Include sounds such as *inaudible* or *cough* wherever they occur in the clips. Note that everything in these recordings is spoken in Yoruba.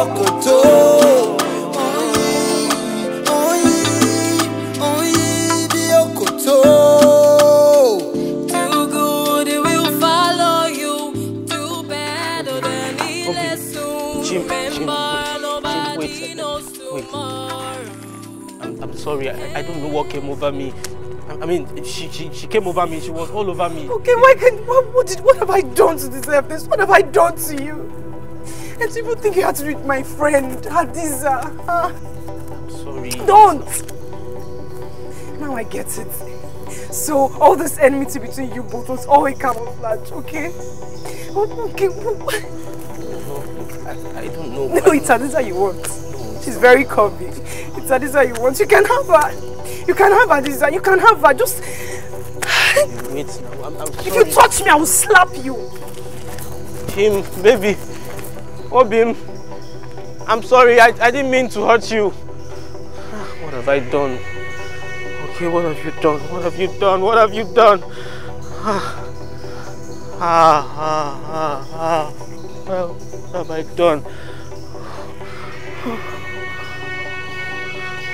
ṣòkòtò. good, will follow you. bad, tomorrow. I'm, sorry, I, I don't know what came over me. I mean, she, she, she came over me. She was all over me. Okay, why can what, what did what have I done to deserve this? What have I done to you? I didn't even think you had to do my friend, Hadiza. I'm sorry. Don't! Now I get it. So, all this enmity between you both was all a camouflage, okay? Okay. I, I don't know. No, it's Hadiza you want. No, She's very curvy. It's Hadiza you want. You can have her. You can have Hadiza. You can have her. Just... Wait now. I'm, I'm sorry. If you touch me, I will slap you. Him, baby. Obim, I'm sorry. I, I didn't mean to hurt you. What have I done? Okay, what have you done? What have you done? What have you done? Ah, ah, ah, ah. ah. Well, what have I done? What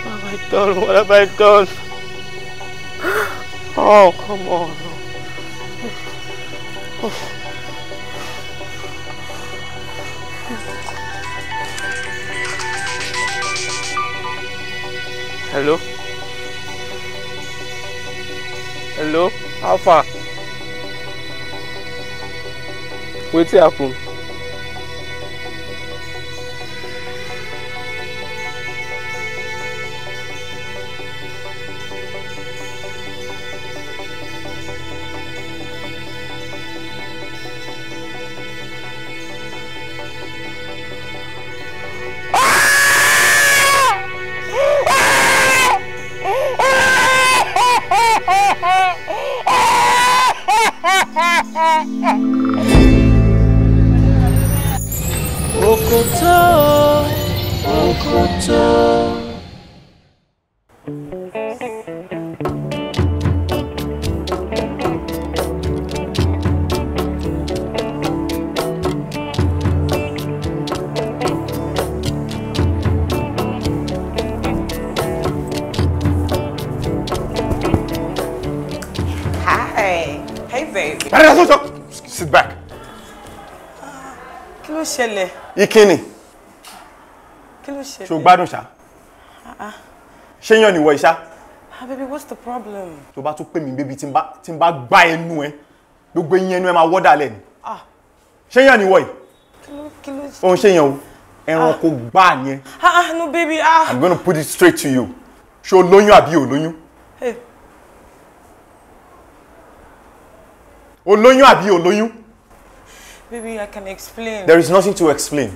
have I done? What have I done? Oh, come on. Oh. Hello? Hello? How far? Wetin happen? Dada sọ́tọ̀. Sit back. Kí ló ṣẹlẹ̀? Ìkíni. Kí ló ṣẹlẹ̀? Ṣo gbádùn ṣá? Ah, ah. Ṣé yàn níwọ̀ ìṣá? Ah, baby, what's the problem? Tó bá tún pè mí bébí tí n bá gbá ẹnu ẹ, gbogbo eyín ẹnu ẹ máa wọ́dà lẹ́nu. Ṣé yàn níwọ̀ yìí? Kí ló ṣe? Òun ṣe yàn o. Ẹranko gbáà ni ẹ. No baby. ah. I'm gonna put it straight to you. Ṣo lóyún àbí ò lóyún? olóyún àbí olóyún. baby i can explain. there is nothing to explain.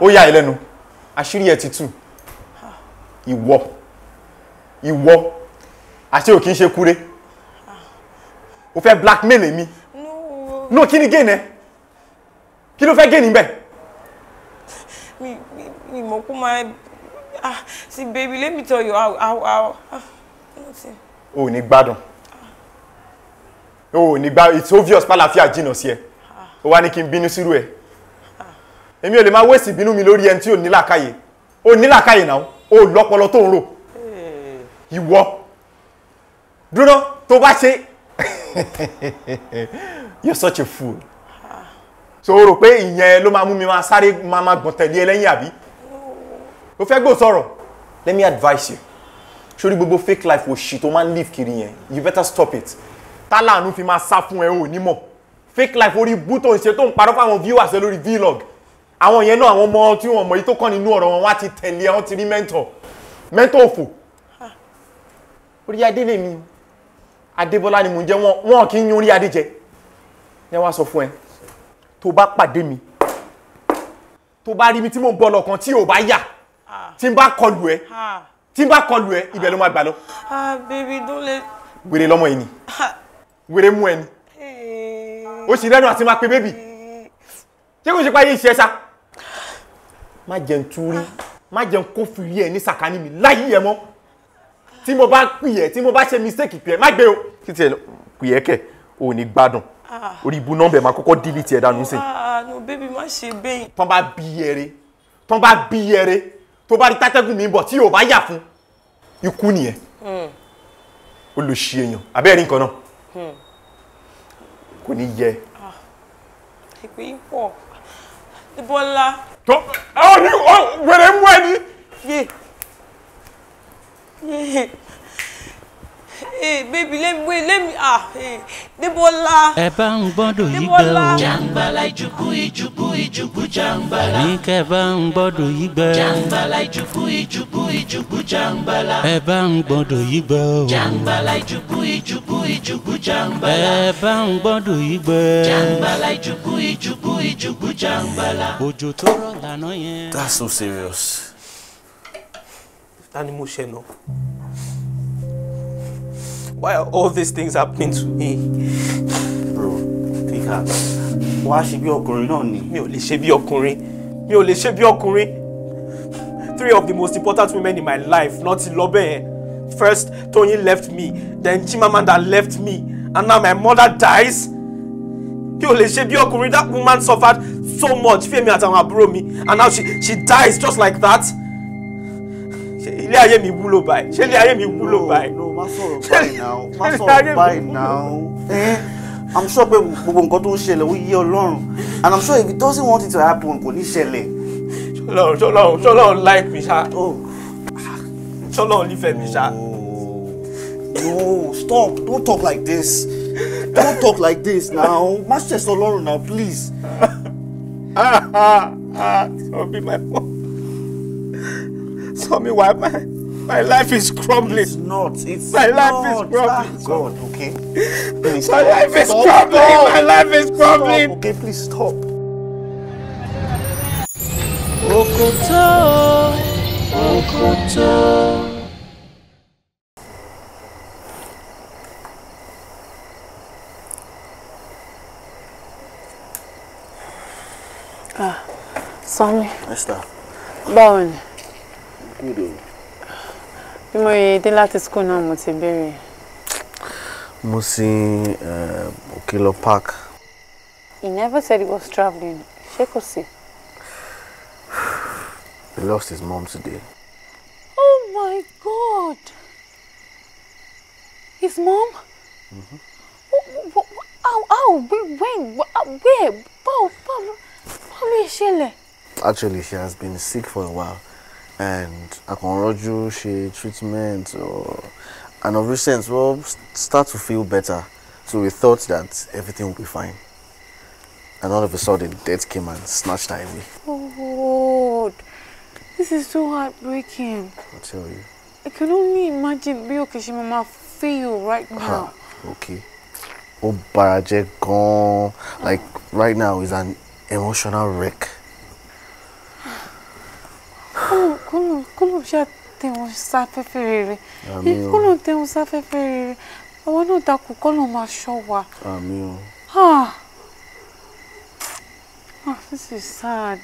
ó yà ẹ́ lẹ́nu àṣírí ẹ̀ ti tú ìwọ ìwọ àṣé ò kì í ṣe kúre o fẹ́ blackmail èmi no kí ni gain ẹ kí ló fẹ́ gain níbẹ̀. mi mi mo kú máa ah see baby let me tell you how how how. o ò ní gbádùn o nígbà it's obvious Palafia jìnnà sí ẹ o wá ní kí n bínú sírú ẹ èmi ò lè máa wéèsì bínú mi lórí ẹni tí ò nílàkàyè ò nílàkàyè náà o lọ́pọlọ tó ń rò ìwọ dúró tó bá ṣe *laughs* you're such a fool so o rò pé ìyẹn ló máa mú mi máa sáré máa máa gbọ̀n tẹ̀lé ẹ lẹ́yìn o fẹ́ gbọ́ sọ̀rọ̀ let me advise you sórí gbogbo fake life òṣì shit máa ń live kiri yẹn you better stop it tálànù fi máa sá fún ẹ ò ní fake life orí bú tó ń ṣe tó ń parọ́ fáwọn viewers ẹ lórí vlog àwọn yẹn náà àwọn ọmọ tí wọ́n mọ̀ yìí tó kàn nínú ọ̀rọ̀ wọn wá ti tẹ̀lé wọn ti rí mentor mentor òfò orí adé lè mi adébọlá ni mò ń jẹ wọn wọn kì í yan orí adé jẹ ẹ wá sọ fún ẹ tó bá pàdé mi tó bá rí mi tí mò ń bọ̀ lọ́kàn tí ò bá yà tí n bá kọlù ẹ tí n bá kọlù ẹ ibẹ̀ ló máa gbà lọ. baby don't let. wèrè lọmọ yìí ni wèrè mú ẹni ó sì rẹ́nu àti máa pe bébì ṣé kò ṣe pa ayé iṣẹ́ sá má jẹun túrí má jẹun kófìrí ẹ ní sàkání mi láyé ẹ mọ́ tí mo bá pì ẹ tí mo bá ṣe mistake pì ẹ má gbé o títí ẹ pì ẹ kẹ ò ní gbádùn ah. orí ibu nọ́mbà máa kọ́kọ́ dílítì ẹ dànù sí. Ah, no baby má ṣe bẹ́yìn. tán bá bí ẹrẹ tán bá bí ẹrẹ tó bá rí tátẹ́gùn mi bọ̀ tí yóò bá yà fún ikú nìyẹn olùṣí hmm. èèyàn nǹkan náà. Hmm. kò ní yẹ. ìpè ah, pọ̀ Bọ́lá. tó ọ ní wẹ̀rẹ̀ mú ẹni. yé yé eh baby let me wait let me ah eh Debola. ẹ bá ń gbọ́dọ̀ yí gbẹ́ o. jàǹgbàlà ìjùkú ìjùkú ìjùkú jàǹgbàlà. ní kẹ́ ẹ bá ń gbọ́dọ̀ yí gbẹ́. jàǹgbàlà ìjùkú ìjùkú ìjùkú jàǹgbàlà. ẹ bá ń gbọ́dọ̀ yí gbẹ́ o. jàǹgbàlà ìjùkú ìjùkú ìjùkú jàǹgbàlà. ẹ bá ń gbọ́dọ̀ yí gbẹ́. jàǹgbàlà ìjùkú ìjùkú ìjùkú jàǹgbàlà. òjò tó rọ̀ lánàá yẹn. That's so serious. ta ni mo ṣe náà. Why are all these things happening to me? Bro, take heart. Wàá ṣe bí ọkùnrin náà ni. Mi ò lè ṣe bí ọkùnrin. Mi ò lè ṣe bí ọkùnrin. Three of the most important women in my life Not in lọ bẹ́ẹ̀. First, Toyin left me, then Chimamanda left me, and now my mother dies. Mi ò lè ṣe bí ọkùnrin. That woman suffered so much. Fẹ́mi àtàwọn àbúrò mi, and now she she dies just like that ilé ayé mi wúlò báyìí ṣé ilé ayé mi wúlò báyìí. no má sọ̀rọ̀ báyìí náà má sọ̀rọ̀ báyìí náà eh, i'm sure pé gbogbo nǹkan tó ń ṣẹlẹ̀ ó yé ọlọ́run and i'm sure if it doesn't want it to happen kò ní ṣẹlẹ̀. ṣọlọ́run ṣọlọ́run ṣọlọ́run like mi ṣá oh. ṣọlọ́run nífẹ̀ẹ́ mi ṣá. no stop don't talk like this don't talk like this now má ṣẹ̀ṣọ́ ọlọ́run now please. ah ah ah Don't be my fault. Tell me why my, my life is crumbling. It's not. It's my not. life is crumbling. Oh God, okay. Please my stop. life is stop. crumbling. Stop. My life is crumbling. Stop. Okay, please stop. Okoto, Okoto. Ah, Sami. Esther. Bowen good o. bí mo yẹ school náà mo ti béèrè. mo sin okelo eh, park. he never said he was travelling ṣé kò sí. he lost his mom today. oh my god his mom. Mm-hmm. what, what, how how when where báwo báwo báwo ló actually she has been sick for a while and akonroju ṣe treatment or and of recent well start to feel better so we thought that everything would be fine and all of a sudden death came and snatched her away. Oh this is so heartbreaking. I tell you. I can only imagine bí òkè Mama feel right now. Ah, okay. Ó bara jẹ́ gan Like right now is an emotional wreck. kọ́lọ̀ ṣáà tẹ wọn sáfẹ́fẹ́ rere kọ́lọ̀ tẹ wọn sáfẹ́fẹ́ rere àwọn náà dákun kọ́lọ̀ máa ṣọ́ wa. àmín o. ah ah this is sad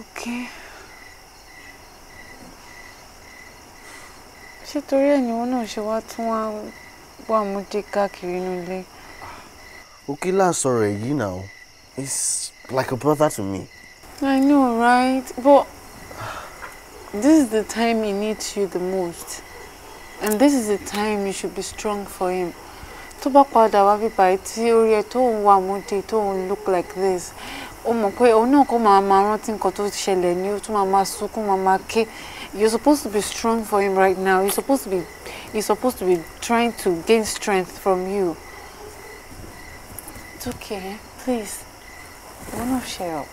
okay. ṣé torí ẹ̀ ni wọn náà ṣe wá tún wá wà mú dé káàkiri nílé. okila sọ̀rọ̀ èyí náà it's like a brother to me. I know right but this is the time he needs you the most and this is the time you should be strong for him tó bá padà wá bíbá tí orí ẹ tó ń wà look like this ó mọ̀ pé òun náà kó máa máa rántí nǹkan tó ṣẹlẹ̀ ní ó you're supposed to be strong for him right now he's supposed to be he's supposed to be trying to gain strength from you it's okay please one of share up.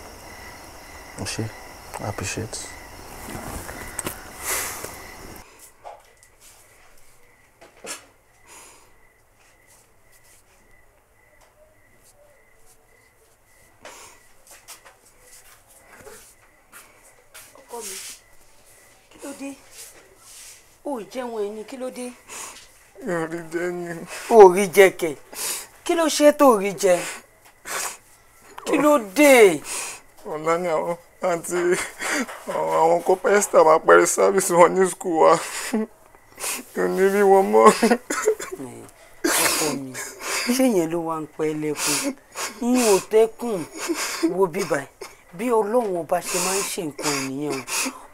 ṣe I appreciate ọkọ mi kí ló dé o ò jẹun ẹni kí ló dé. orí jẹ ni. orí jẹ kẹ kí ló ṣe tó orí jẹ kí ló dé. ọ̀la ni àwọn àti àwọn kọ́pẹ́sítà máa parí sáfíìsì wọn ní skul wa kò ní rí wọn mọ́. ọkọ mi ṣéyẹn ló wá ń pẹ́ lẹ́kùn n ò tẹ́kùn wo bíbá bí ọlọ́run ọba ṣe máa ń ṣe nǹkan ènìyàn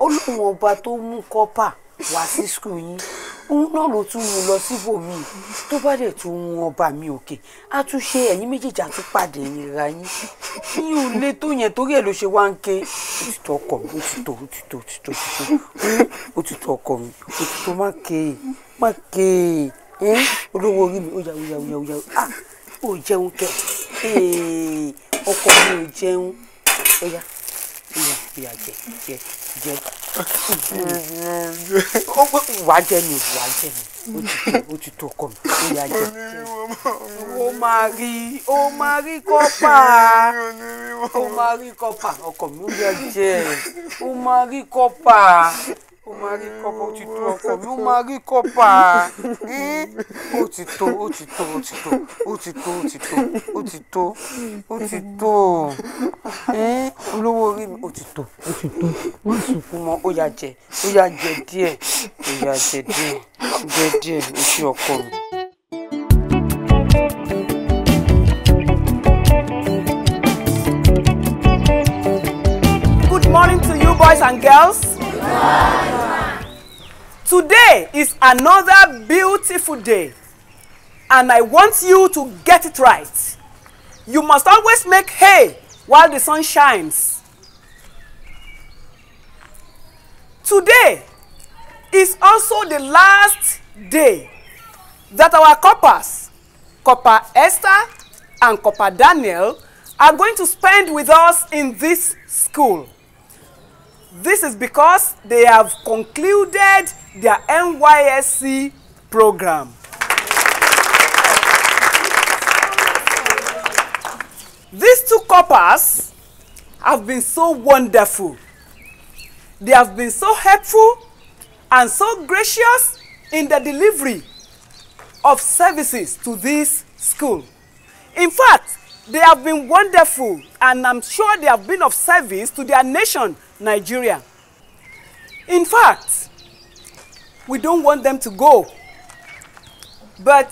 o ọlọ́run ọba tó mú kọ́pà wá sí skul yín òun náà ló tún mú un lọ síbòmí tó bá dẹ̀ tún mú ọba mi òkè àtúnṣe ẹ̀yin méjèèjì àtúpàdé ìnira yín yín ò lè tó yẹn torí ẹ̀ ló ṣe wá ń ké òtítọ́ ọkọ mi òtítọ́ òtítọ́ òtítọ́ òtítọ́ hm, òtítọ́ ọkọ mi òtítọ́ má ké má ké hm, olówó orí mi ó yà ó yà ó yà ó ah, jẹun kẹ ọkọ mi ò jẹun ó yà pé àjẹ jẹ jẹ *laughs* wàá jẹ mi wàá jẹ mi ó ti tó kọ mi ó yà jẹ. ó máa rí ó máa rí kọ́pà ó máa rí kọ́pà ọkọ mi ó yà jẹ ó máa rí kọ́pà ó máa rí kọ́pà ó ti tó ọkọ mi ó máa rí kọ́pà ó ti tó ó ti tó ó ti tó ó ti tó ó ti tó ó ti tó ó ti tó olówó orí mi ó ti tó ó ti tó wọ́n sunkún mọ́ ó yá jẹ ó yá jẹ díẹ̀ ó yá jẹ díẹ̀ jẹ díẹ̀ ó ti ọkọ mi. Good morning to you boys and girls. Today is another beautiful day, and I want you to get it right. You must always make hay while the sun shines. Today is also the last day that our coppers, Copper Esther and Copper Daniel, are going to spend with us in this school. This is because they have concluded their NYSC program. These two coppers have been so wonderful. They have been so helpful and so gracious in the delivery of services to this school. In fact, they have been wonderful and I'm sure they have been of service to their nation Nigeria. In fact, we don't want them to go. But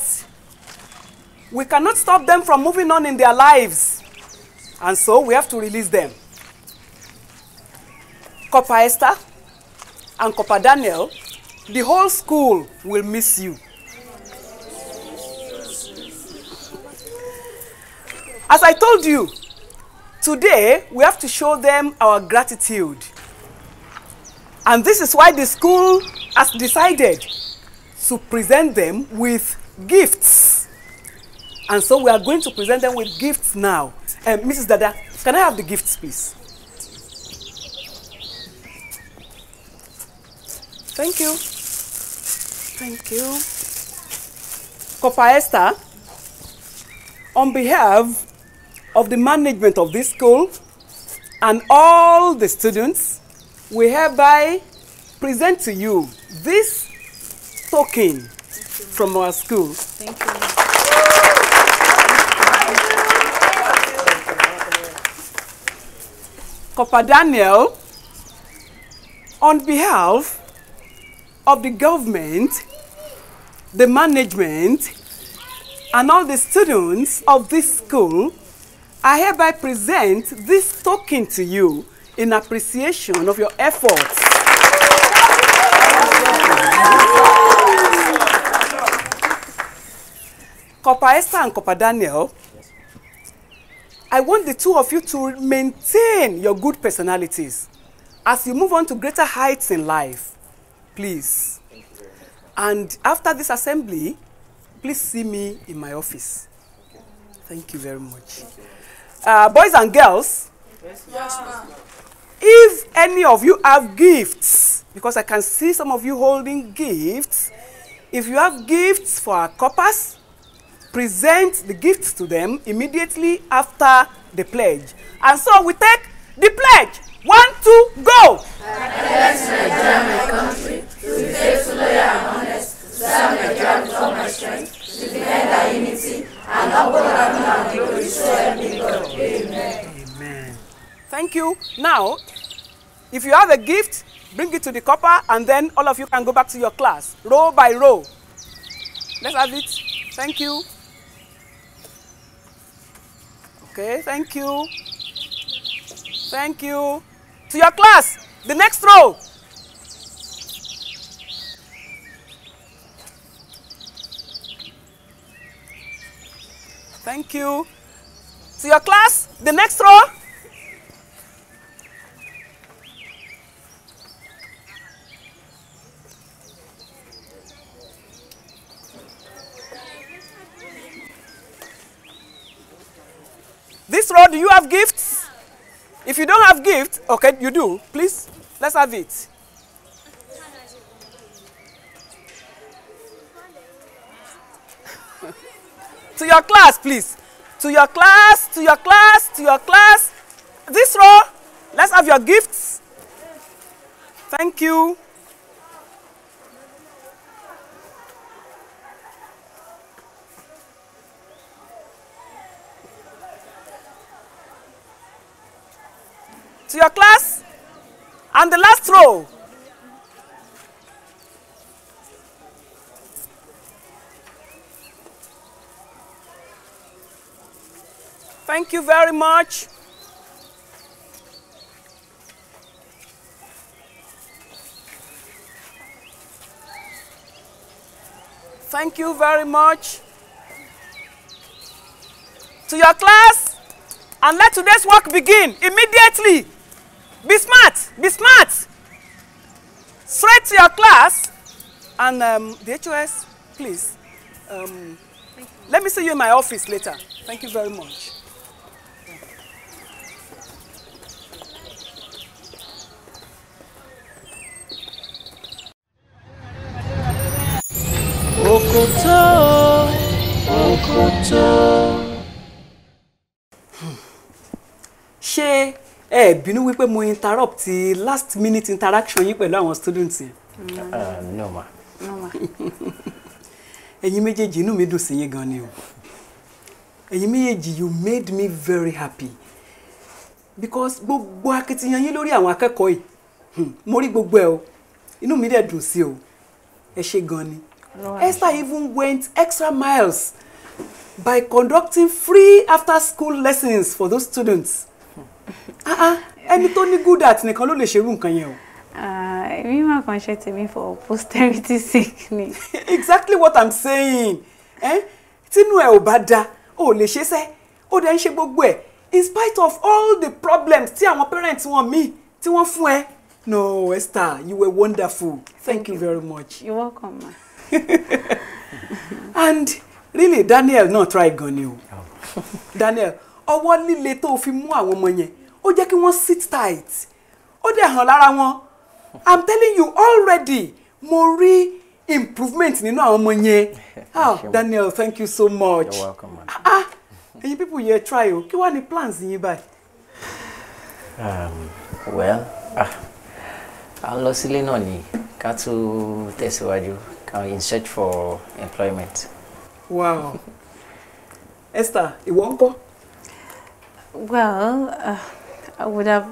we cannot stop them from moving on in their lives. And so we have to release them. Copper Esther and Copper Daniel, the whole school will miss you. As I told you, Today, we have to show them our gratitude. And this is why the school has decided to present them with gifts. And so we are going to present them with gifts now. Um, Mrs. Dada, can I have the gifts, please? Thank you. Thank you. Copa Esther, on behalf of the management of this school and all the students, we hereby present to you this token from our school. Thank you. Copper Daniel, on behalf of the government, the management, and all the students of this school, I hereby present this token to you in appreciation of your efforts. Copper Esther and Copper Daniel, I want the two of you to maintain your good personalities as you move on to greater heights in life. Please. And after this assembly, please see me in my office. Thank you very much. uh, boys and girls, yes, if any of you have gifts, because I can see some of you holding gifts, if you have gifts for our coppers, present the gifts to them immediately after the pledge. And so we take the pledge. One, two, go! Bless Nigeria, my country, to be faithful, loyal, and honest, to serve Nigeria with all my strength, to defend our unity, and you will Amen. Amen. Thank you. Now, if you have a gift, bring it to the copper and then all of you can go back to your class, row by row. Let's have it. Thank you. Okay, thank you. Thank you. To your class, the next row. Thank you. To your class, the next row. This row, do you have gifts? If you don't have gifts, okay, you do. Please, let's have it. to your class, please. To your class, to your class, to your class. This row, let's have your gifts. Thank you. To your class. And the last row. Thank you very much. Thank you very much. To your class, and let today's work begin immediately. Be smart, be smart. Straight to your class, and um, the HOS, please. Um, let me see you in my office later. Thank you very much. òkòtó òkòtó. ṣé ẹ bínú wípé mo interrupt last minute interaction yín pẹ̀lú àwọn students yẹn. Mm-hmm. no ma. ẹ̀yin méjèèjì inú mi dùn sí yín gan ni o ẹ̀yin méjèèjì you made me very happy because gbogbo akitiyan yín lórí àwọn akẹ́kọ̀ọ́ yìí hmm, mo rí gbogbo ẹ o inú mi dẹ̀ dùn sí o ẹ ṣé gan ni. Esther even went extra miles by conducting free after school lessons for those students. Ah, ah, ẹni tó ní good at nìkan ló lè ṣerú nǹkan yẹn o. Ah, èmi máa kàn ṣe tèmi for posterity sake ni. *laughs* Exactly what I'm saying. Eh? Tínú ẹ̀ ò bá da, ò lè ṣe sẹ́, ó dẹ̀ ń ṣe gbogbo ẹ̀ in spite of all the problems tí àwọn parents wọn mi, tí wọ́n fún ẹ. No Esther, you were wonderful. Thank, Thank you. you very much. You're welcome ma. *laughs* and really Daniel náà try gan ni o oh. Daniel ọwọ́ líle tó fi mú àwọn ọmọ yẹn ó jẹ́ kí wọ́n sit tight ó dẹ̀ hàn lára wọn i'm telling you already mo rí improvement nínú àwọn ọmọ yẹn *laughs* ah Daniel thank you so much You're welcome, ah ah ẹ̀yin people yẹn try o kí wàá ní plans yín báyìí. Um, well ah a lọ sílé náà ni ká tó tẹ̀síwájú uh, in search for employment. Wow. Esther, you ìwọ ńkọ́? Well, uh, I would have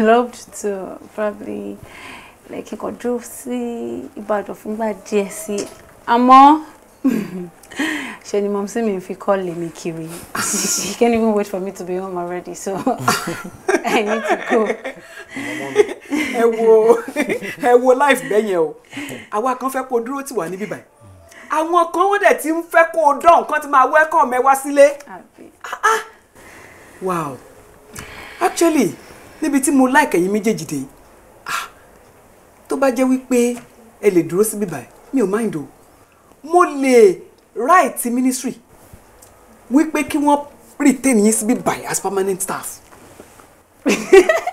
loved to probably like kí n kàn dúró sí Ìbàdàn fúngbà díẹ̀ sí *laughs* ṣe ni mom sí mi fi call me mi kiri she *laughs* can't even wait for me to be home already so *laughs* i need to go. ẹ wo ẹ wo life bẹ́yẹn o àwa kan fẹ́ kó dúró tì wá níbí báyìí àwọn kan ó dẹ̀ ti ń fẹ́ kó o dán nǹkan tí máa welcome mẹ́wá sílé. Ah, ah. wow actually nibi ti mo like ẹ̀yin méjèèjì dé ah, tó bá jẹ́ pe ẹ lè dúró síbí báyìí mi ò mind o mo lè write ministry wípé kí wọ́n retain yín síbí by as permanent staff.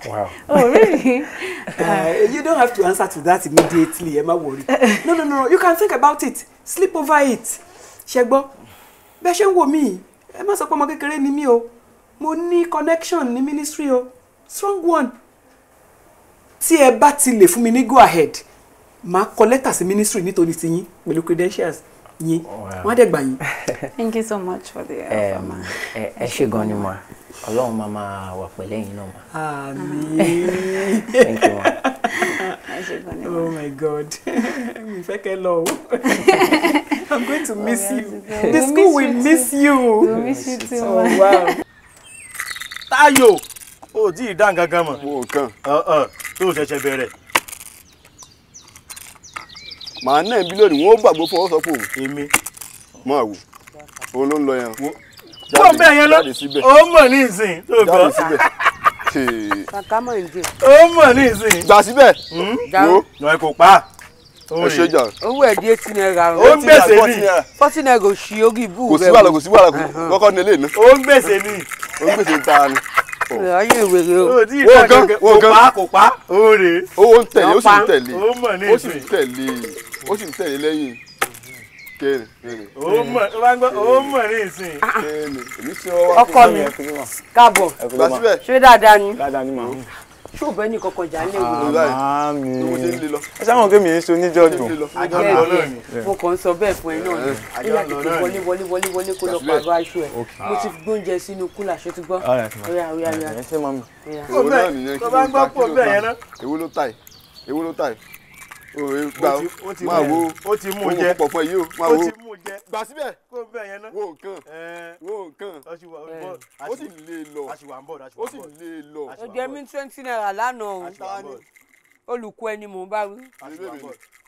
wow. *laughs* oh really? *laughs* uh, you don't have to answer to that immediately ẹ má worry. no no no you can think about it sleep over it ṣẹgbọ́ bẹ́ẹ̀ ṣe ń wò mí ẹ má sọ pé ọmọ kékeré ni mí o mo ní connection ní ministry o strong one tí ẹ bá ti lè fún mi ní go ahead máa kọ lẹ́tà sí ministry nítorí ti yín pẹ̀lú credentials yín oh, wọ́n á dẹ̀ gbà yín. *laughs* thank you so much for the help ẹ ṣe gan ni ma ọlọ́run máa máa wà pẹ̀lẹ́ yín náà ma. àmín. *laughs* thank you ma. oh my god *laughs* mi fẹ́ kẹ́ lọ o. i'm going to oh, miss you the school will miss you. we will miss you too oh wow. Táyọ̀ o ò tí ì dá nǹkan kan. Uh-uh. tó o ṣẹ̀ṣẹ̀ bẹ̀rẹ̀ màá náà bí lónìí wọn ó gbàgbó fún ọ sọ fún òun. èmi. mọ àwò òun ló ń lọ yẹn. wọ́n bẹ̀ yẹn lọ ó mọ̀ ní ìsìn tó gbọ́. jáde síbẹ̀. *laughs* kàkà mọ̀ ní ìsìn. ó mọ̀ ní ìsìn. gbà síbẹ̀. Hmm? wo lọ́ọ̀ kò pa òṣèjà. owó ẹ̀dí eighty naira. ó ń gbèsè ní. forty naira kò sí orí ibú rẹ. kò sí kò sí kọ́kọ́ ní ilé iná. ó ń gbèsè ní. ó ń gbèsè ta ni. ayé ìwèrè o. wọ́n gan wọ́n gan kò pa kò pa. owó rè é. owó ń tẹ̀lé ó sì ń tẹ̀lé ó sì ń tẹ̀lé ó sì ń tẹ̀lé lẹ́yìn kéèrè kéèrè. ó mọ̀ ó bá ń gbọ́ ó mọ̀ ní ìsìn. Ah, ah. kéèrè èmi ṣe ọwọ́ ọkọ mi káàbọ̀ ṣé dáadáa ni ṣé ò bẹ́ ní kọkọ jà lé wò. ẹ sáwọn kí mi ń so níjọ dùn. mo kàn ń sọ bẹ́ẹ̀ fún ẹ náà ni nígbà tètè wọlé wọlé wọlé wọlé kó lọ pàrọ̀ aṣọ ẹ mo ti gbóúnjẹ sínú kúlà ṣe ti gbọ́. ọ̀rẹ́ àwòrán yẹn. èwo náà nìyẹn kí ló ń ta kí ló ń ta èwo ló ta yìí òwe gba máa wo ó ti mú jẹ ó ti mú jẹ gbà síbẹ̀ kó o bẹ̀ yẹn ná wo nǹkan wo nǹkan ó sì lè lọ ó sì lè lọ. ó jẹ mí twenty naira lánàá o olùkọ́ ẹni mò ń bá wí.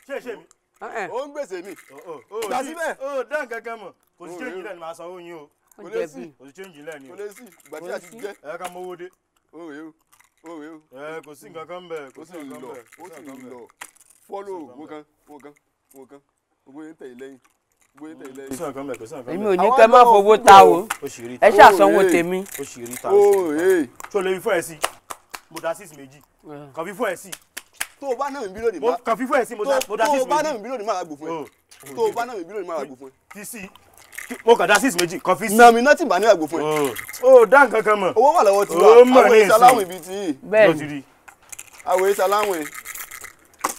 ṣé ṣé mi ó ń gbèsè mi gbà síbẹ̀. ó dán kankan mọ̀ kò sí change lẹ́nu máa sanwó yín o kò lè sí kò sí change lẹ́nu kò lè sí ìgbà tí a ti jẹ́. ẹ ká mọ́wó dé. kò sí nǹkan kan bẹ́ẹ̀ kò sí nǹkan bẹ́ẹ̀ kò sí nǹkan bẹ́ẹ̀ follow wọn kan wọn kan wọn kan gbogbo yẹn tẹ̀yìn lẹ́yìn gbogbo yẹn tẹ̀yìn lẹ́yìn. kò sí nǹkan mẹ́ kò sí nǹkan mẹ́. èmi ò ní kẹ́ má fowó ta o ẹ ṣàsanwó tèmi. o sì rí ta o sì rí ta. tó lè fi fún ẹ sí mo da six méjì kàn fi fún ẹ sí. tó o bá náà mi bí lónìí máa kàn fi fún ẹ sí mo da six méjì. Oh. tó o bá náà mi bí lónìí máa gbò fún ẹ tó o bá náà mi bí lónìí máa gbò fún ẹ. kì í sí mo kàn dá six méjì kan fi sí. nami nothing bá ní àgbo fún ẹ. Oh. o dá nǹkan kan mọ̀. owó wà lọ́wọ́ tiwa oh, àwọn èsì aláwìn bíi ti bẹ́ẹ̀ni àwọn èsì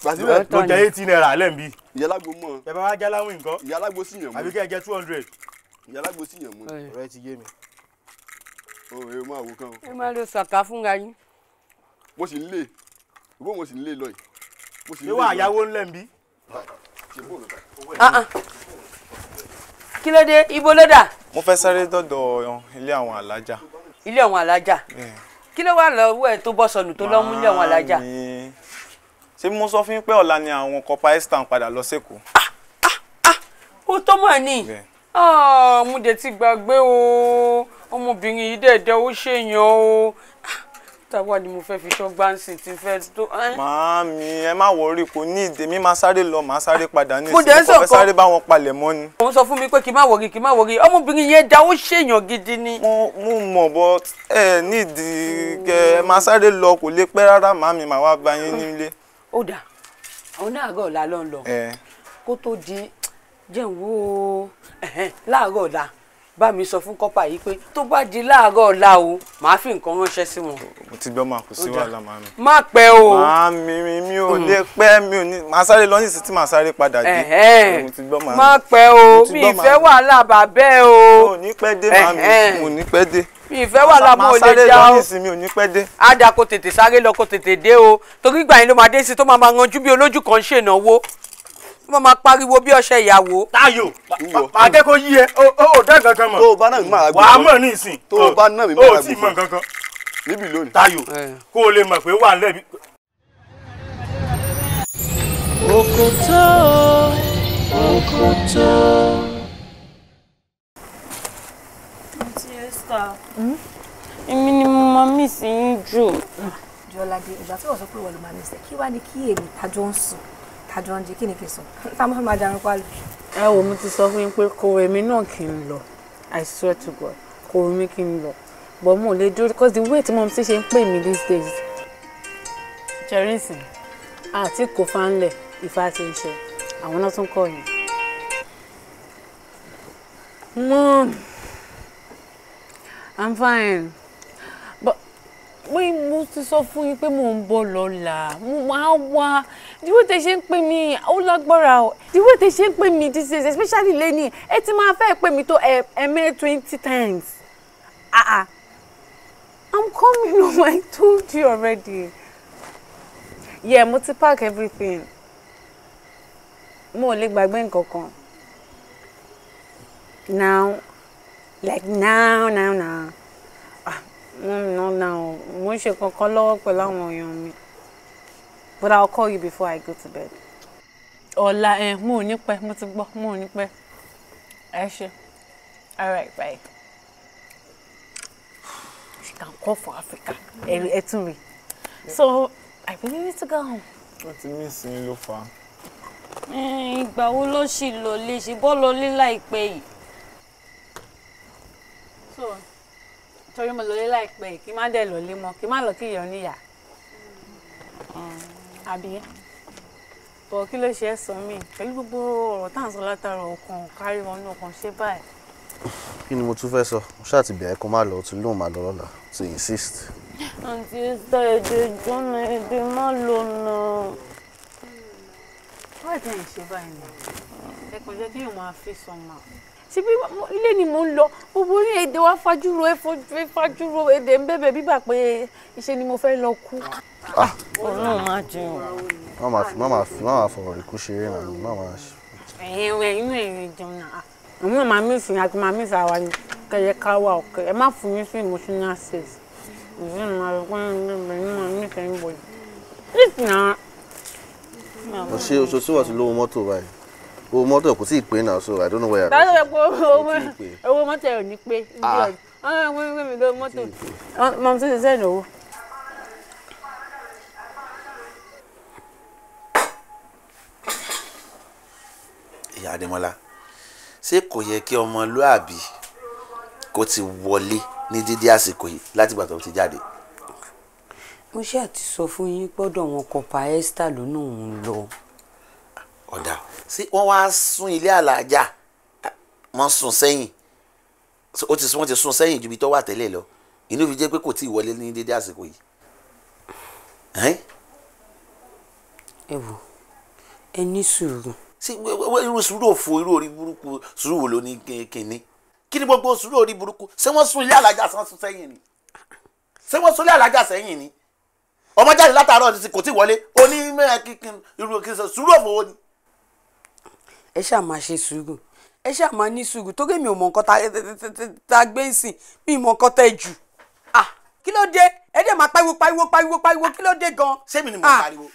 gbàsíbẹ̀ mo jẹ eighty naira lẹ́ẹ̀mí. ìyálàgbò mọ̀. ẹ bá wá já nǹkan. ìyálàgbò sì yàn mọ́. àbí kẹ́ ẹ jẹ two hundred. ìyálàgbò sì yàn mọ́. ọ̀rẹ́ ti yé mi. o ẹ máa wo kán ẹ máa lo sàkà fúnra yín. mo sì ń lé ìbò mo sì ń lé lọ yìí. mo sì ń lé lọ. ìwà àyáwó ńlẹ̀mí. kí ló dé ibo ló dà. mo fẹ́ sáré dọ́dọ̀ ilé àwọn alájà. ilé àwọn alájà. kí ló wà lọ́wọ́ ẹ̀ tó bọ́ sọnù tó lọ́mú ilé àwọn alájà. máa mi ṣé mo sọ fún yín pé ọ̀la ni àwọn kọpa esther ń padà lọ sẹ́kọ̀ọ́. Ah, ah, ah, ó tó mà ní mo dẹ̀ ti gbàgbé o ọmọbìnrin yìí dẹ̀dẹ̀ ó ṣèyàn o tàwa ni mo fẹ́ fi ṣọ́gbà ń sìn tí fẹ́ tó. màámi ẹ má wọrí kò ní ìdèmí máa sáré lọ máa sáré padà ní ìsìn kò fẹ́ sáré bá wọn palẹ̀ mọ́ ni. òun sọ fún mi pé kí má wọrí kí má wọrí ọmọbìnrin yẹn da ó ṣèyàn gidi ni. mo mọ̀ bọ́ ẹ nídìí kẹ ẹ máa sáré lọ kò lè pẹ́ rárá màámi màá wá bá yín nílé. ó dà àwọn náà àgọ́ ọ̀la ló ń lọ di jẹun wo láàárọ̀ ọ̀la bá mi sọ fún kọ́pà yìí pé tó bá di láàárọ̀ ọ̀la o màá fi nǹkan ránṣẹ́ sí wọn. mo ti gbọ́ máa kù sí wàhálà máa mi. má pẹ́ o. máa mi mi mi ò mm. lè pẹ́ mi ò ní màá sáré lọ nísìsiyìí tí màá sáré padà dé. mo ti gbọ́ máa mi. má pẹ́ o mi ìfẹ́ wàhálà bàbẹ́ o. mo ò ní pẹ́ dé màá mi mo ní pẹ́ dé mi ìfẹ́ wà lámú lè já o mi ò ní pẹ́ dé. ada kò tètè sáré lọ kò tètè dé o torí ìgbà yẹn ló máa dé sí tó máa máa ranjú tí mo máa pariwo bí ọṣẹ ìyàwó. Táyọ̀ akẹ́kọ̀ọ́ yí ẹ ó dán kankan mọ̀. tó o bá náà mi máa gbé wàá mọ̀ ní ìsìn. tó o bá náà mi máa o ò tí ì mọ̀ kankan. níbi lónìí. Táyọ̀ kó o lè mọ̀ pé wà lẹ́bi. òkòtó òkòtó. àti ni mo máa mí sí í jù. Jọládé ìgbà tí wọ́n sọ pé wọ́n lè máa mí sẹ́ kí wàá ní kí èmi tájọ́ ń àjọ oúnjẹ kí ni kí n sọ táwọn fẹ́ máa darun pálí. ẹ wò mo ti sọ fún pé kò wẹ̀ náà kí n lọ i swear to god kò wẹ̀ mí kí n lọ but mo lè dúró because the way tí mo ti ṣe ń pè mí these days jẹrìnsìn àti kò fánlẹ̀ ìfà ti ń ṣe àwọn náà tún kọ̀ yín. mom i'm fine pé mo ti sọ fún yín pé mò ń bọ̀ lọ́la mo máa wá díwọ́ tẹ ṣe ń pè mí ó lágbára o díwọ́ ṣe ń pè mí this is especially lẹ́ni ẹ ti máa fẹ́ pè mí tó ẹ̀ẹ́mẹ́ twenty times ah ah i'm coming home i told you already yeah mo ti pack everything mo ò lè gbàgbé nǹkan now like now now now mọ́mí náà náà mo ń ṣe kankan lọ́wọ́ but I'll call you before I go to bed. ọ̀la ẹ̀ mo ò ní pẹ́ mo ti gbọ́ mo ò ní pẹ́ all right bye. she can call for Africa ẹ tún me. so I really need to go home. ó ti ní ìsinmi ló fà Eh, ìgbà wo ló ṣì lò lè ṣe bọ́ lọ lé láìpẹ́ yìí. torí mo lọlé láìpẹ́ kí má dẹ̀ lọlé mọ́ kí má lọ kí ìyọ̀ níyà mm. àbí bọ̀ kí ló ṣe é sọ mí pẹ̀lú gbogbo ọ̀rọ̀ tá à ń sọ látara ọkàn kárí wọnú ọkàn ṣé báyìí. kí ni mo tún fẹ́ sọ mo ṣáà ti bẹ̀rẹ̀ kó má lọ tí lóun máa lọ lọ́la to insist. àǹtí sọ èdè jọ́nà èdè má lò nà. wọ́n ti ń ṣe báyìí nà ẹ̀kọ́ jẹ́ kí èèyàn máa fi sọ̀mà ṣebí ilé ni mò ń lọ gbogbo ní èdè wa fajúro fajúro èdè ń bẹ̀bẹ̀ bíbà pé iṣẹ́ ni mo fẹ́ lọ kú. ọlọ́run máa jẹun. má máa fọwọ́ rí kú ṣeré náà má máa. ẹ̀yin ẹ̀wẹ̀ inú ẹ̀yin jẹun náà òun náà máa mí ìsìn àti máa mí ìsìn àwa ni kẹyẹ ká wà ọkẹ ẹ má fún mi sí emotional sex ìdí ni màá gbọ́n ẹ̀yin máa mí ìsìn bọ̀dì. ìsìn náà. òṣèṣe wà sí lówó mọ́tò báyìí owó mọ́tò kò tí ì pé náà so i don't know where. báyọ̀ yẹ kó owó mọ́tò ẹ̀ ò ní pé Ah, ah, wí mi lọ mọ́tò mọ́mí tó ti sẹ́yìn owó. ìyá Adémọ́lá ṣé kò yẹ kí ọmọlúàbí kó ti wọlé ní dídí àsìkò yìí látìgbà tó ti jáde. mo ṣe àti sọ fún yín gbọ́dọ̀ wọn kọ̀ọ̀pá ẹ́stà lónà òun lọ. ọ̀dà sí wọ́n wá sún ilé àlàájá wọ́n sún sẹ́yìn ó ti wọ́n ti sún sẹ́yìn ju ibi tó wà tẹ́lẹ̀ lọ inú fi jẹ́ pé kò tí ì wọlé ní dédé àsìkò yìí. ẹ wò ẹ ní sùúrù. sí irú sùúrù òfò irú orí burúkú sùúrù wò ló ní kínní kí ni gbogbo sùúrù orí burúkú ṣé wọ́n sún ilé àlàájá sún sẹ́yìn ni ṣé wọ́n sún ilé àlàájá sẹ́yìn ni ọmọ jáde látàárọ̀ kò tí ì wọlé oní mẹ́rin kíkín irú kí n sọ sùúrù òfò wo ni ẹ ṣáà máa ṣe sùúrù ẹ ṣáà máa ní sùúrù torí mi ò mọ nǹkan tá a gbé ìsìn mi ì mọ nǹkan tẹ́ jù ah kí ló dé ẹ dẹ̀ máa pariwo pariwo pariwo pariwo kí ló dé gan. sẹ́mi ni mo ń pariwo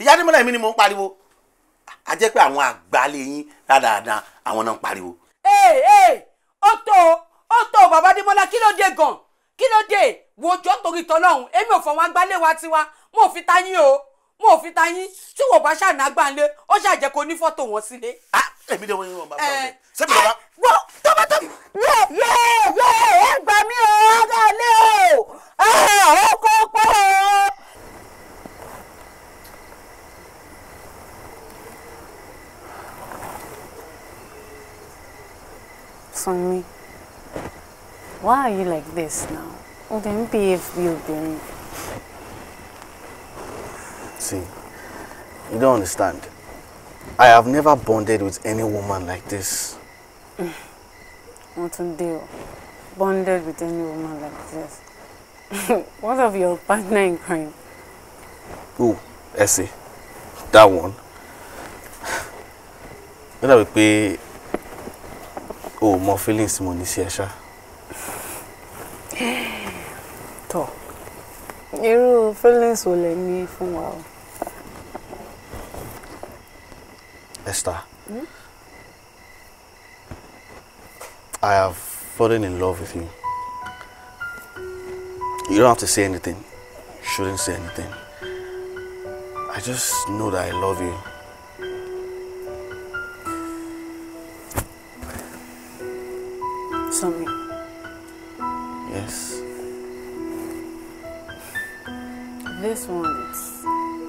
ìyá adémọ́lá mi ni mo ń pariwo a jẹ́ pé àwọn àgbálẹ̀ yín dáadáa àwọn náà ń pariwo. ee ee ó tó ó tó bàbá adémọ́lá kí ló dé gan kí ló dé wòjọ́ torí tọ́lọ́hún èmi ò fọwọ́n àgbálẹ̀ wa tiwa mo ò fi ta yín o wọn ò fi ta yín tí wọn bá ṣàná gbàǹlé ó ṣàjẹ́ kó ní fọ́tò wọn sílé. Ah, èmi dẹ̀ wọ́n yín wọn bá fọ́ eh, mi eh, wọ́n tó bá tó yé yé ẹ gbà mí o ọ̀gá o ọ̀hún kò pọ̀ o. Sunmi, why are you like this now? Wouldn't be if you been thing. You don't understand. I have never bonded with any woman like this. What a deal! bonded with any woman like this. *laughs* What of your partner in crime? Who? Essie, that one. Ó dàbí pé Oh, more feelings mo ní You ẹ feelings will lẹ me for a while. Esther, I have fallen in love with you. You don't have to say anything. You shouldn't say anything. I just know that I love you. Sammy. Yes. This one, is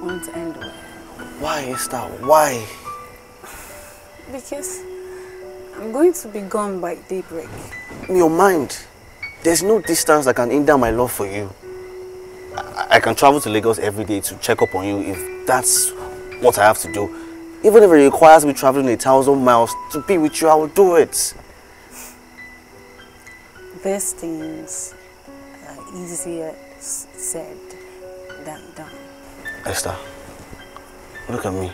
going to end well. Why, Esther? Why? because I'm going to be gone by daybreak. In your mind, there's no distance that can hinder my love for you. I, I can travel to Lagos every day to check up on you if that's what I have to do. Even if it requires me traveling a thousand miles to be with you, I will do it. These things are uh, easier said than done. Esther, look at me.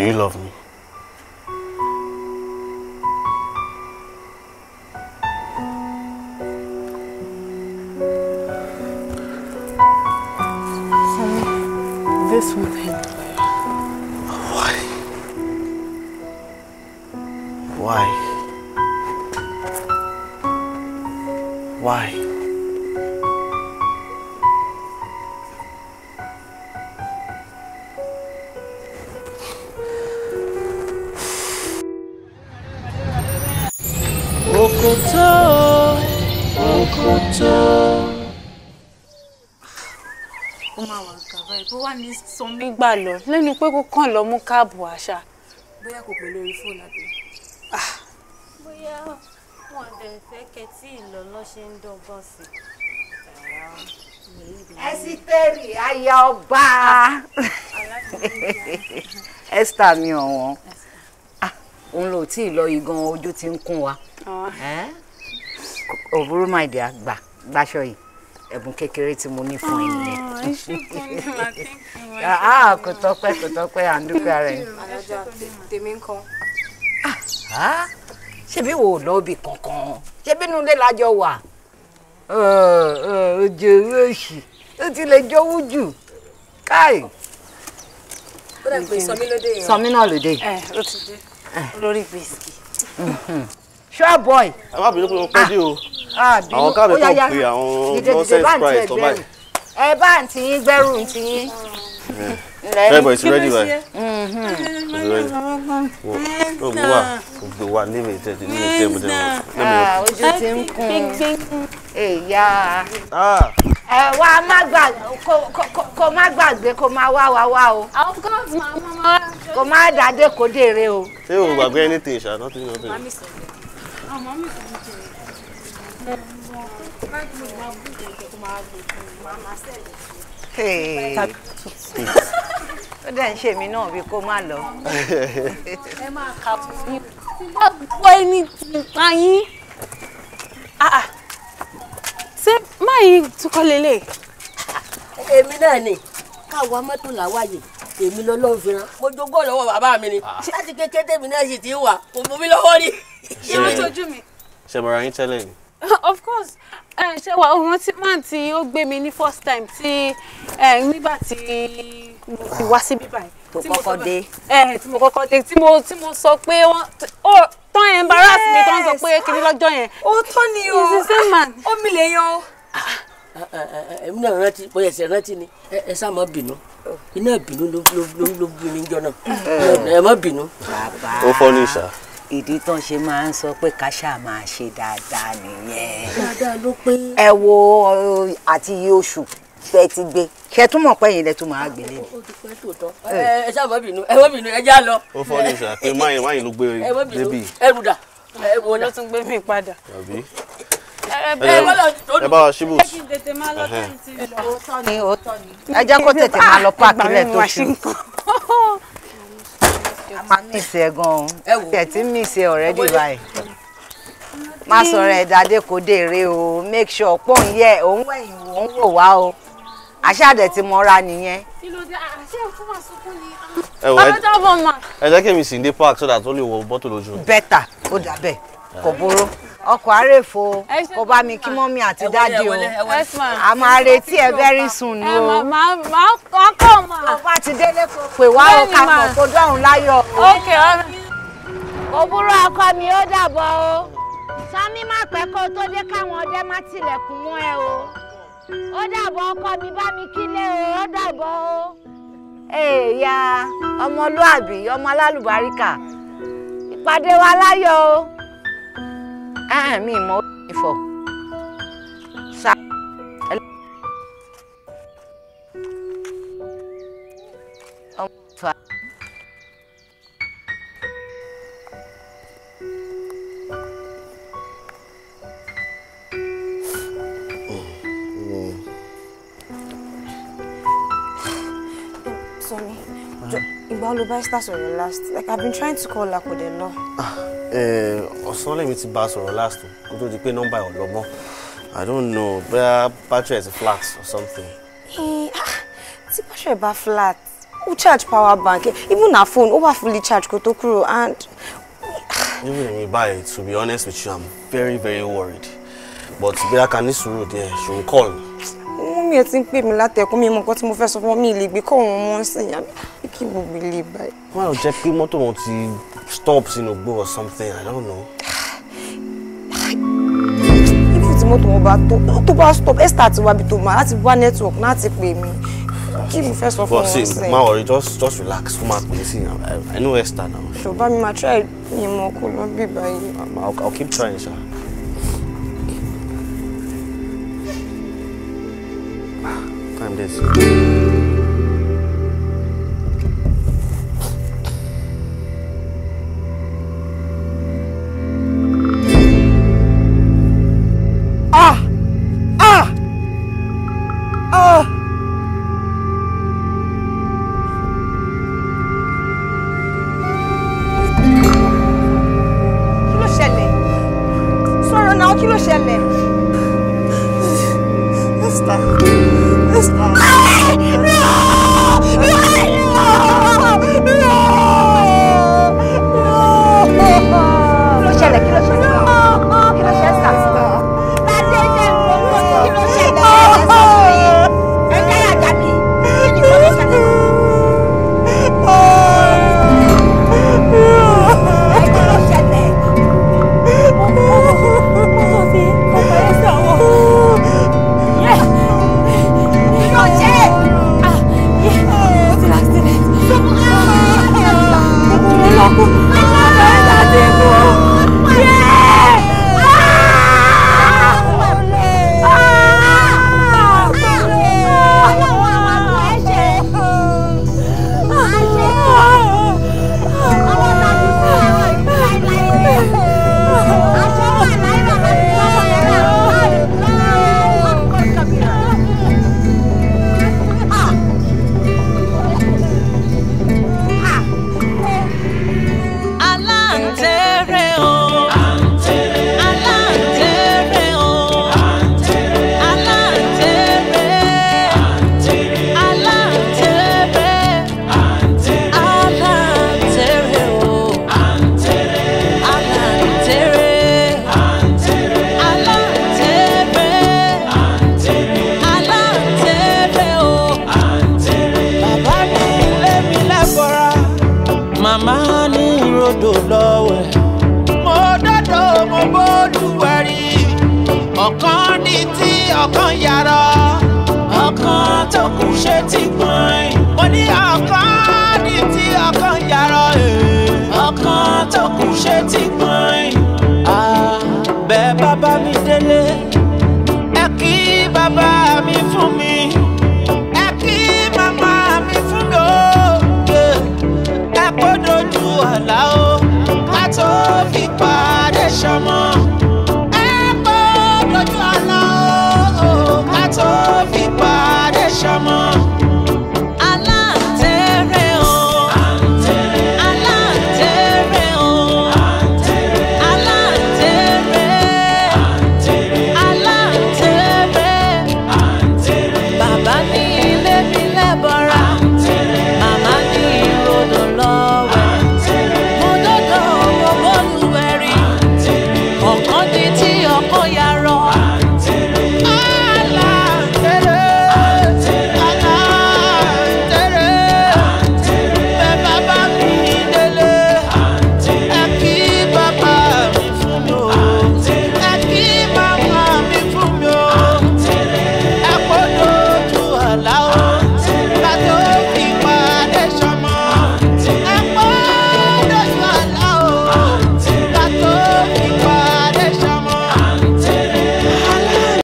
Do you love me? Sorry, this woman. Òkòtó òkòtó. Ó máa wà gàbá ẹ̀ bó wà ní sanmi gbà lọ lẹ́nu pé kó kàn lọ mú káàbù àṣà. Bóyá kò pè lórí fóònù àbí. Ah. Bóyá wọn dẹ̀ fẹ́ kẹtí ìlọ́lọ́ ṣe ń dọ́gbọ́n sí i ẹsítẹ́rì aya ọba esther mi ọ̀wọ́n ah, òun ló tí ì lọ igan ojú ti ń kún wa òbúrú máa dì àgbà gbàṣọ yìí ẹ̀bùn kékeré tí mo ní fún ẹ nìyẹn oh, ah, ah, kò tọ́pẹ́ kò tọ́pẹ́ à ń dúpẹ́ ara ẹ̀. tèmi ń kan. Ah, ṣebí wo lọ ibì kankan ṣebí inú ilé lájọ wà ọjọ́ òṣì ó ti lè jówú jù káì. ó dẹ̀ pé lóde yẹn. sọmí náà lóde. Eh. olórí gbèsè. Mm-hmm sure boy. ẹ má bínú pé mo pẹ́ dé o àwọn káàbẹ̀ kan pé àwọn nonsense price tó báyìí. ẹ bá ń tiyín gbẹ́rù ń tiyín. ẹ bọ̀ ìṣúrẹ́dì báyìí ìṣúrẹ́dì wọ́n gbé wà gbé wà níbi ìtẹ̀tẹ̀ níbi ìtẹ̀tẹ̀ ojú ti ń kún èyà ẹ wá má gbà kó má gbàgbé kó má wá wá wá o kó má dàdé kó dèrè o. ṣé o gbàgbé anything ṣá nothing nothing mọ́mí kò ń jẹ ó dẹ̀ ń ṣe mí náà bí kó má lọ. ẹ máa kà fún yín. bá gbọ́ ẹni tí ta yín. Ah, ah. ṣé máa yín túkọ́ lélẹ̀. èmi náà ni káwa mọ́tò làwáyé èmi lọ́lọ́ fi rán. mo jogún lọ́wọ́ bàbá mi ni ah. láti kékeré tèmi náà sì ti wà kò mú mi lọ́wọ́ rí. ṣé wọ́n tójú mi. ṣe mọ̀ra yín tẹ́lẹ̀ ni. *laughs* of course ṣé wàá ohun tí máa ti ó gbé mi ní first time tí nígbà tí mo ti wá síbí báyìí. tó kọ́kọ́ dé. tí mo kọ́kọ́ dé tí mo tí mo sọ pé wọ́n tán embarrass mi tán sọ pé kí ni lọ́jọ́ yẹn. ó tọ́ ni o omi lè yan o. Ah. Eh, eh, eh, èmi náà rántí bóyá ẹsẹ̀ rántí ni ẹ sá má bínú iná bínú ló ló bí mi jọ náà ẹ má bínú. bàbá ó fọ́ ní ìṣá. ìdí tó ń ṣe máa ń sọ pé ká máa ṣe dáadáa nìyẹn. dáadáa ló pé. ẹ wo àti iye oṣù tẹ ti gbé ṣe tún mọ̀ pé ẹ̀yin lẹ tún máa gbé lé. ẹ ṣáà má bínú ẹ má bínú ẹ já lọ. ó fọ́ ní ìṣá pé máyìn máyìn ló gbé débì. ẹ rúdà. ẹ wọlé tún gbé mi padà ẹ bá wa ṣíbù. ẹ jẹ́ kó tètè máa lọ páàkì lẹ̀ tó ṣù. a máa mí ìsẹ̀ gan-an ẹ̀ tí mí ìsẹ̀ ọ̀rẹ́dì báyìí má sọ̀rọ̀ ẹ̀dá adékòdèrè o make sure pọ̀ ń yẹ òun wẹ̀yìn òun wò wá o àṣàdẹ̀ ti mọ́ra nìyẹn. ẹ jẹ́ kí mi sì ń dé park so that ó lè wọ bọ́tò lójú. bẹ́tà ó dà bẹ́ẹ̀ kò burú ọkọ̀ àrèfo kó bá mi kí mọ́mí àti dáàdì o a máa retí ẹ very soon ni o. tó bá ti délé kó pè wá o ká mọ̀ kó dọ̀hún láyọ̀ o. òbúrò ọkọ mi ó dàbọ̀ o sami má pẹ́ kó tó dé káwọn ọdẹ má tilẹ̀kùn mọ́ ẹ o ó dàbọ̀ ọkọ mi bá mi kílé o ó dàbọ̀ o. èèyàn eh, ọmọlúàbí ọmọ alálùbáríkà ìpàdé wa láyọ̀ o. Ah, mi mọ ìfọ̀. ló bá Esther sọ̀rọ̀ last like I've been trying to call her kò dé lọ. Ah, eh, ọ̀sán lèmi ti bá a sọ̀rọ̀ last kó tó di pé nọ́mbà ẹ̀ ọ̀lọ́gbọ́n I don't know bóyá battery ẹ̀ ti flat or something. Eh, ah, tí battery bá flat ó charge power bank even her phone over fully charge kó tó kúrò and. Ah. even buy it, to be honest with you I'm very very worried but bóyá ká ní sùúrù díẹ̀ she will call. wọ́n mi ò ti ń pè mí látẹ̀kùn mi mọ̀ nǹkan tí mo fẹ́ sọ fún mi ìlè kọ́ òun mọ́ sí i kí mo mi lè báyìí. wọn á jẹ pé mọ́tò stop sínú gbó or something i don't know. ibi tí mọ́tò wọn bá tó tó bá stop ẹ́sítà ti to bi tó máa láti wá network láti pè mí kí mo fẹ́ sọ fún wọn sẹ́yìn. see ma worry just just relax kó máa pè é sí i know ẹ́sítà now. ṣùgbọ́n mi máa try ìmọ̀ kó lọ bí báyìí. i'll keep trying sir. time this. kí bàbá mi fún mi ẹ kí mi fún mi òkè ẹ o ká tó fi pàdé sọmọ ẹ kódolú o ká tó fi pàdé